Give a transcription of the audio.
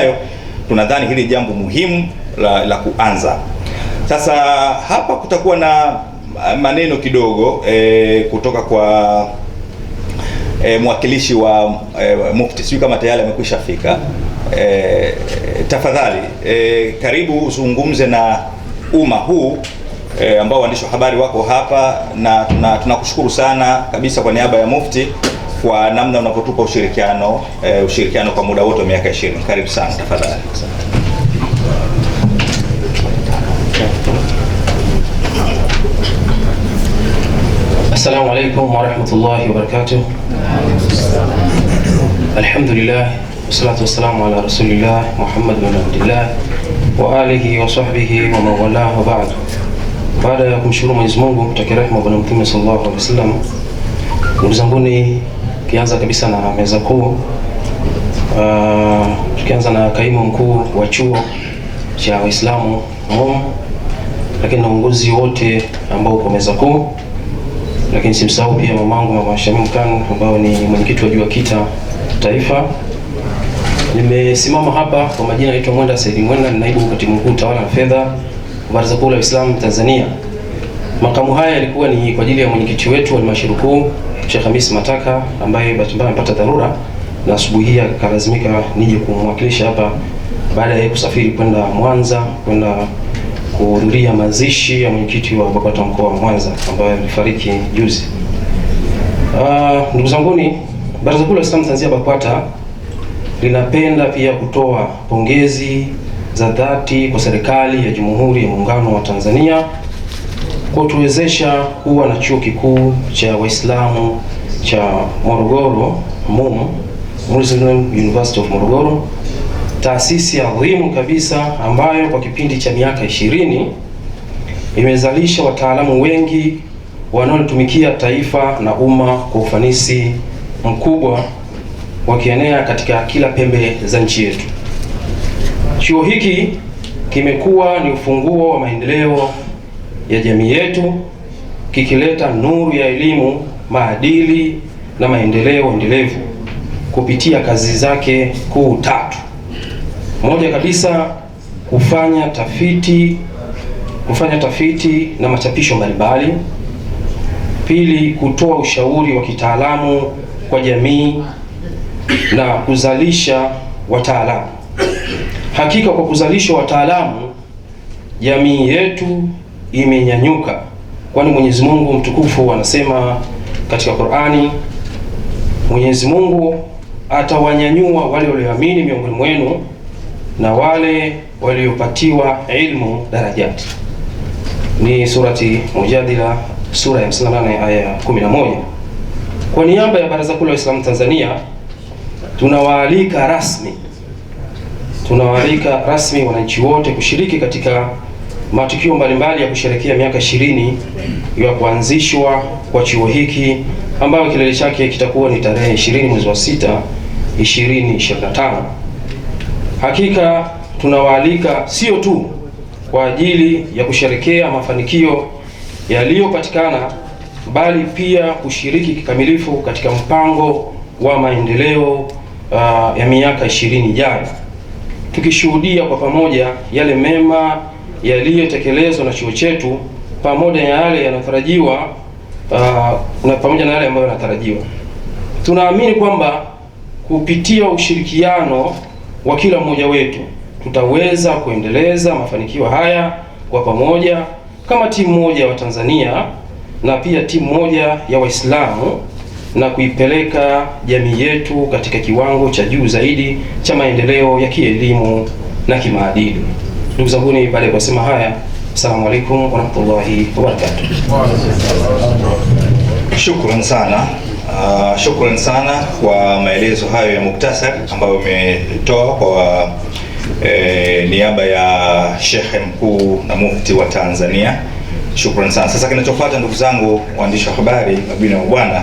Hayo tunadhani hili jambo muhimu la, la kuanza sasa. Hapa kutakuwa na eh, maneno kidogo e, kutoka kwa e, mwakilishi wa e, Mufti, sijui kama tayari amekwisha fika e, tafadhali e, karibu uzungumze na umma huu e, ambao waandishi wa habari wako hapa na tunakushukuru tuna sana kabisa kwa niaba ya Mufti kwa namna unavyotupa ushirikiano eh, ushirikiano kwa muda wote wa miaka 20. Karibu sana tafadhali. Assalamu alaykum wa rahmatullahi wa barakatuh. Alhamdulillah, wassalatu wassalamu ala rasulillah Muhammad bin Abdullah wa alihi wa sahbihi wa man walahu wa ba'd. Baada ya kumshukuru Mwenyezi Mungu, mtakia bwana Mtume sallallahu alaihi wasallam, ndugu zanguni Tukianza kabisa na meza kuu uh, tukianza na kaimu mkuu wa chuo cha Waislamu MUM, lakini na uongozi wote ambao uko meza kuu, lakini simsahau pia mamangu mama Shamim Kanu ambao ni mwenyekiti wa jua kita taifa. Nimesimama hapa kwa majina, naitwa Mwenda Said Mwenda, ni naibu katibu mkuu tawala na fedha wa Baraza Kuu la Waislamu Tanzania. Makamu haya yalikuwa ni kwa ajili ya mwenyekiti wetu wa halmashauri kuu Sheikh Hamis Mataka ambaye bahati mbaya amepata dharura na asubuhi hii akalazimika nije kumwakilisha hapa baada ya kusafiri kwenda Mwanza kwenda kuhudhuria mazishi ya mwenyekiti wa BAKWATA mkoa wa Mwanza ambaye alifariki juzi. Uh, ndugu zangu ni Baraza Kuu la Waislamu Tanzania BAKWATA linapenda pia kutoa pongezi za dhati kwa serikali ya Jamhuri ya Muungano wa Tanzania kutuwezesha kuwa na chuo kikuu cha Waislamu cha Morogoro MUM, Muslim University of Morogoro, taasisi adhimu kabisa ambayo kwa kipindi cha miaka ishirini imezalisha wataalamu wengi wanaolitumikia taifa na umma kwa ufanisi mkubwa wakienea katika kila pembe za nchi yetu. Chuo hiki kimekuwa ni ufunguo wa maendeleo ya jamii yetu kikileta nuru ya elimu, maadili na maendeleo endelevu kupitia kazi zake kuu tatu. Moja kabisa, kufanya tafiti, kufanya tafiti na machapisho mbalimbali. Pili, kutoa ushauri wa kitaalamu kwa jamii na kuzalisha wataalamu. Hakika kwa kuzalisha wataalamu jamii yetu imenyanyuka, kwani Mwenyezi Mungu mtukufu anasema katika Qur'ani, Mwenyezi Mungu atawanyanyua wale walioamini miongoni mwenu na wale waliopatiwa ilmu darajati. Ni surati Mujadila sura ya 58 aya ya 11. Kwa niaba ya Baraza Kuu la Waislamu Tanzania tunawaalika rasmi tunawaalika rasmi wananchi wote kushiriki katika matukio mbalimbali ya kusherehekea miaka ishirini ya kuanzishwa kwa chuo hiki ambayo kilele chake kitakuwa ni tarehe 20 mwezi wa 6 2025. Hakika tunawaalika sio tu kwa ajili ya kusherekea mafanikio yaliyopatikana bali pia kushiriki kikamilifu katika mpango wa maendeleo uh, ya miaka 20 ijayo, tukishuhudia kwa pamoja yale mema yaliyotekelezwa na chuo chetu pamoja na yale yanatarajiwa uh, na pamoja na yale ambayo yanatarajiwa. Tunaamini kwamba kupitia ushirikiano wa kila mmoja wetu tutaweza kuendeleza mafanikio haya kwa pamoja kama timu moja ya Watanzania na pia timu moja ya Waislamu na kuipeleka jamii yetu katika kiwango cha juu zaidi cha maendeleo ya kielimu na kimaadili. Ndugu ni baada ya kusema haya, assalamu alaikum warahmatullahi wabarakatuh. Shukran sana. Uh, shukran sana kwa maelezo hayo ya muktasari ambayo umetoa kwa eh, niaba ya shekhe mkuu na mufti wa Tanzania. Shukran sana. Sasa kinachofuata ndugu zangu waandishi wa habari, mabina wa bwana